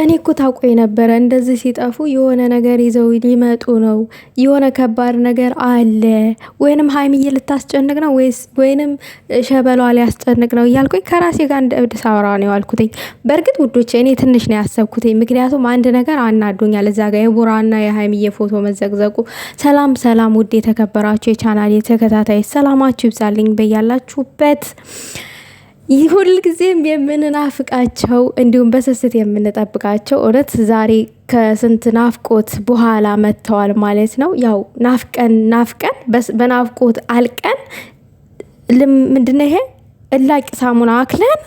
እኔ እኮ ታውቆኝ ነበረ። እንደዚህ ሲጠፉ የሆነ ነገር ይዘው ሊመጡ ነው፣ የሆነ ከባድ ነገር አለ፣ ወይንም ሀይሚዬ ልታስጨንቅ ነው ወይንም ሸበሏ ሊያስጨንቅ ነው እያልኩኝ ከራሴ ጋር እንደ እብድ ሳወራ ነው ያልኩትኝ። በእርግጥ ውዶች፣ እኔ ትንሽ ነው ያሰብኩትኝ፣ ምክንያቱም አንድ ነገር አናዶኛል። እዛ ጋር የቡራና የሀይሚዬ ፎቶ መዘግዘቁ። ሰላም ሰላም፣ ውድ የተከበራችሁ የቻናል የተከታታይ ሰላማችሁ ይብዛልኝ በያላችሁበት ሁል ጊዜም የምንናፍቃቸው እንዲሁም በስስት የምንጠብቃቸው እውነት ዛሬ ከስንት ናፍቆት በኋላ መጥተዋል ማለት ነው። ያው ናፍቀን ናፍቀን በናፍቆት አልቀን ምንድን ይሄ እላቂ ሳሙና አክለን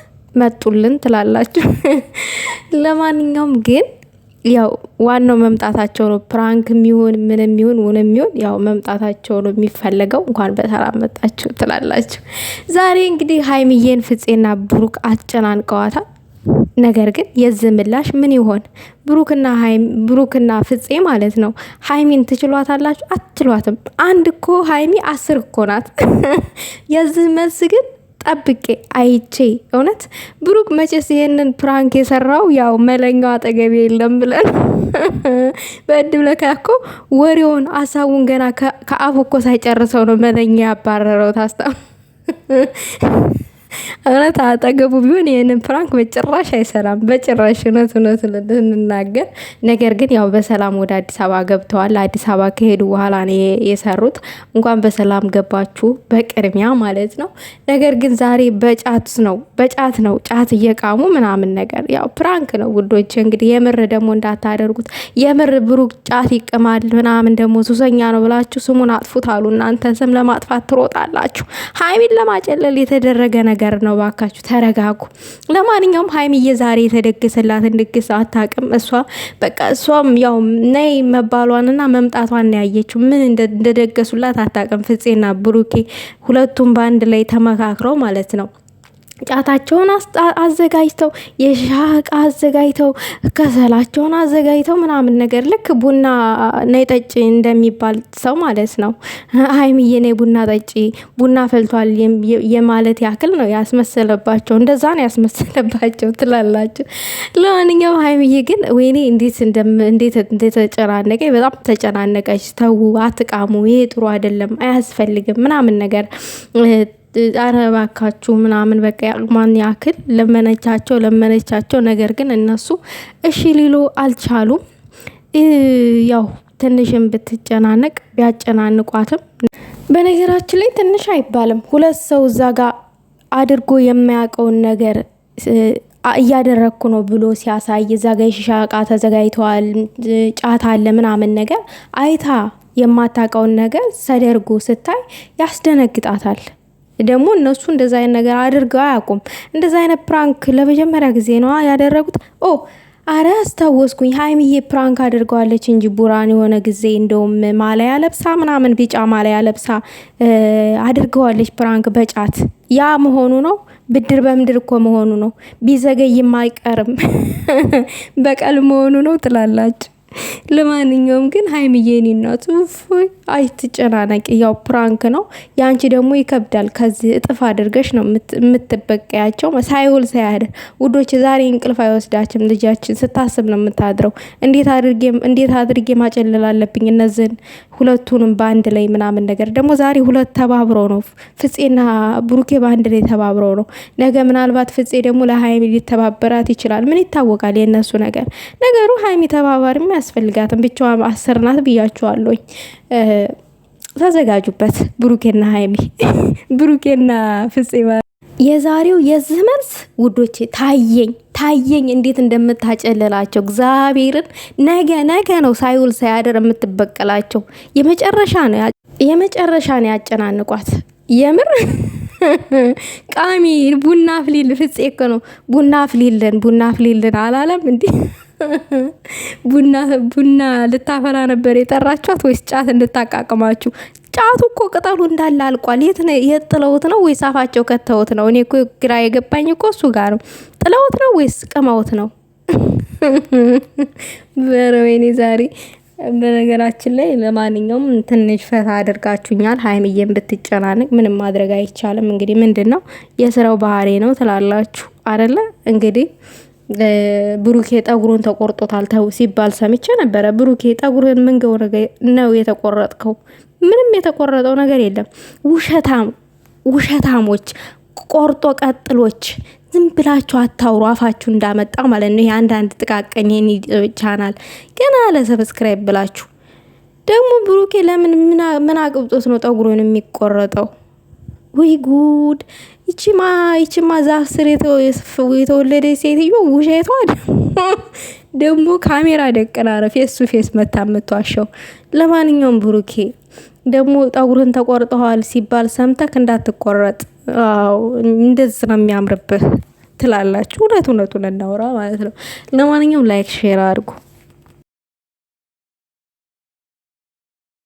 መጡልን ትላላችሁ። ለማንኛውም ግን ያው ዋናው መምጣታቸው ነው። ፕራንክ የሚሆን ምን የሚሆን ውን የሚሆን ያው መምጣታቸው ነው የሚፈለገው። እንኳን በሰላም መጣችሁ ትላላችሁ። ዛሬ እንግዲህ ሀይሚዬን ፍፄና ብሩክ አጨናንቀዋታል። ነገር ግን የዚህ ምላሽ ምን ይሆን? ብሩክና ሀይም ብሩክና ፍፄ ማለት ነው። ሀይሚን ትችሏታላችሁ? አትችሏትም። አንድ እኮ ሀይሚ አስር እኮ ናት። የዚህ መልስ ግን ጠብቄ አይቼ እውነት ብሩክ መቼስ ይሄንን ፕራንክ የሰራው ያው መለኛው አጠገቢ የለም ብለን በእድ ብለካ ወሬውን አሳቡን ገና ከአፉ እኮ ሳይጨርሰው ነው መለኛ ያባረረው ታስታ እውነት አጠገቡ ቢሆን ይህንን ፕራንክ በጭራሽ አይሰራም። በጭራሽ እውነት እውነት ልንናገር። ነገር ግን ያው በሰላም ወደ አዲስ አበባ ገብተዋል። አዲስ አበባ ከሄዱ በኋላ ነው የሰሩት። እንኳን በሰላም ገባችሁ በቅድሚያ ማለት ነው። ነገር ግን ዛሬ በጫት ነው በጫት ነው ጫት እየቃሙ ምናምን ነገር ያው ፕራንክ ነው ውዶች። እንግዲህ የምር ደግሞ እንዳታደርጉት። የምር ብሩክ ጫት ይቅማል ምናምን ደግሞ ሱሰኛ ነው ብላችሁ ስሙን አጥፉት አሉ። እናንተ ስም ለማጥፋት ትሮጣላችሁ። ሀይሚን ለማጨለል የተደረገ ነገር ነገር ነው። ባካችሁ ተረጋጉ። ለማንኛውም ሀይሚዬ ዛሬ የተደገሰላትን ድግስ አታውቅም። እሷ በቃ እሷም ያው ነይ መባሏንና መምጣቷን ያየችው ምን እንደደገሱላት አታውቅም። ፍፄና ብሩኬ ሁለቱም በአንድ ላይ ተመካክረው ማለት ነው ጫታቸውን አዘጋጅተው የሻይ እቃ አዘጋጅተው ከሰላቸውን አዘጋጅተው ምናምን ነገር ልክ ቡና ነይ ጠጪ እንደሚባል ሰው ማለት ነው። ሀይሚዬ ነይ ቡና ጠጪ፣ ቡና ፈልቷል የማለት ያክል ነው ያስመሰለባቸው። እንደዛ ነው ያስመሰለባቸው ትላላችሁ። ለማንኛውም ሀይሚዬ ግን ወይኔ እንዴት እንደተጨናነቀ በጣም ተጨናነቀች። ተዉ አትቃሙ፣ ይሄ ጥሩ አይደለም፣ አያስፈልግም ምናምን ነገር ኧረ እባካችሁ ምናምን በቃ ያቅሟን ያክል ለመነቻቸው ለመነቻቸው። ነገር ግን እነሱ እሺ ሊሉ አልቻሉም። ያው ትንሽን ብትጨናነቅ ቢያጨናንቋትም በነገራችን ላይ ትንሽ አይባልም። ሁለት ሰው እዛ ጋር አድርጎ የማያውቀውን ነገር እያደረግኩ ነው ብሎ ሲያሳይ እዛ ጋ የሺሻ እቃ ተዘጋጅተዋል፣ ጫታ አለ ምናምን ነገር አይታ የማታውቀውን ነገር ሰደርጎ ስታይ ያስደነግጣታል። ደግሞ እነሱ እንደዛ አይነት ነገር አድርገው አያውቁም። እንደዚ አይነት ፕራንክ ለመጀመሪያ ጊዜ ነው ያደረጉት። ኦ አረ አስታወስኩኝ፣ ሀይሚዬ ፕራንክ አድርገዋለች እንጂ ቡራን የሆነ ጊዜ እንደውም ማለያ ለብሳ ምናምን ቢጫ ማለያ ለብሳ አድርገዋለች ፕራንክ በጫት ያ መሆኑ ነው። ብድር በምድር እኮ መሆኑ ነው። ቢዘገይም አይቀርም በቀል መሆኑ ነው ትላላችሁ። ለማንኛውም ግን ሀይምዬን የኔ አይትጨናነቅ፣ ያው ፕራንክ ነው። የአንቺ ደግሞ ይከብዳል። ከዚህ እጥፍ አድርገሽ ነው የምትበቀያቸው። ሳይውል ሳያድር ውዶች፣ ዛሬ እንቅልፍ አይወስዳችም። ልጃችን ስታስብ ነው የምታድረው። እንዴት አድርጌ ማጨለል አለብኝ እነዚህን ሁለቱንም በአንድ ላይ ምናምን ነገር ደግሞ ዛሬ ሁለት ተባብረው ነው ፍፄና ብሩኬ በአንድ ላይ ተባብረው ነው። ነገ ምናልባት ፍፄ ደግሞ ለሀይሚ ሊተባበራት ይችላል። ምን ይታወቃል? የእነሱ ነገር ነገሩ ሀይሚ ተባባሪም አያስፈልጋትም። ብቻዋ አስር ናት ተዘጋጁበት ብሩኬና ሀይሚ ብሩኬና ፍፄ የዛሬው የዚህ መልስ ውዶቼ ታየኝ ታየኝ እንዴት እንደምታጨልላቸው እግዚአብሔርን። ነገ ነገ ነው ሳይውል ሳያደር የምትበቀላቸው። የመጨረሻ ነው የመጨረሻ ነው ያጨናንቋት። የምር ቃሚ ቡና ፍሊል ፍፄ እኮ ነው ቡና ፍሊልን ቡና ፍሊልን አላለም እንዴ? ቡና ቡና ልታፈላ ነበር የጠራችኋት ወይስ ጫት እንድታቃቅማችሁ? ጫቱ እኮ ቅጠሉ እንዳለ አልቋል። የት ነው የጥለውት ጥለውት ነው ወይስ አፋቸው ከተውት ነው? እኔ እኮ ግራ የገባኝ እኮ እሱ ጋር ነው። ጥለውት ነው ወይስ ቅመውት ነው? ኧረ ዛሬ በነገራችን ላይ ለማንኛውም ትንሽ ፈታ አድርጋችሁኛል። ሀይምዬን ብትጨናንቅ ምንም ማድረግ አይቻልም። እንግዲህ ምንድን ነው የስራው ባህሪ ነው ትላላችሁ አደለ? እንግዲህ ብሩኬ ጠጉሩን ተቆርጦታል ሲባል ሰምቼ ነበረ። ብሩኬ ጠጉርህን ምንገው ነው የተቆረጥከው? ምንም የተቆረጠው ነገር የለም። ውሸታም ውሸታሞች፣ ቆርጦ ቀጥሎች ዝም ብላችሁ አታውሩ። አፋችሁ እንዳመጣ ማለት ነው። የአንዳንድ ጥቃቅን ቻናል ገና ለሰብስክራይብ ብላችሁ ደግሞ ብሩኬ ለምን ምን አቅብጦት ነው ጠጉሩን የሚቆረጠው? ወይ ጉድ! ይቺማ ይቺማ ዛፍ ስር የተወለደ ሴትዮ ውሸቷ ደግሞ ካሜራ ደቅና ነው ፌስ ቱ ፌስ መታ የምትዋሸው። ለማንኛውም ብሩኬ ደግሞ ጠጉርህን ተቆርጠዋል ሲባል ሰምተክ እንዳትቆረጥ እንደዚህ ነው የሚያምርብህ ትላላችሁ። እውነት እውነቱን እናውራ ማለት ነው። ለማንኛውም ላይክ ሼር አድርጉ።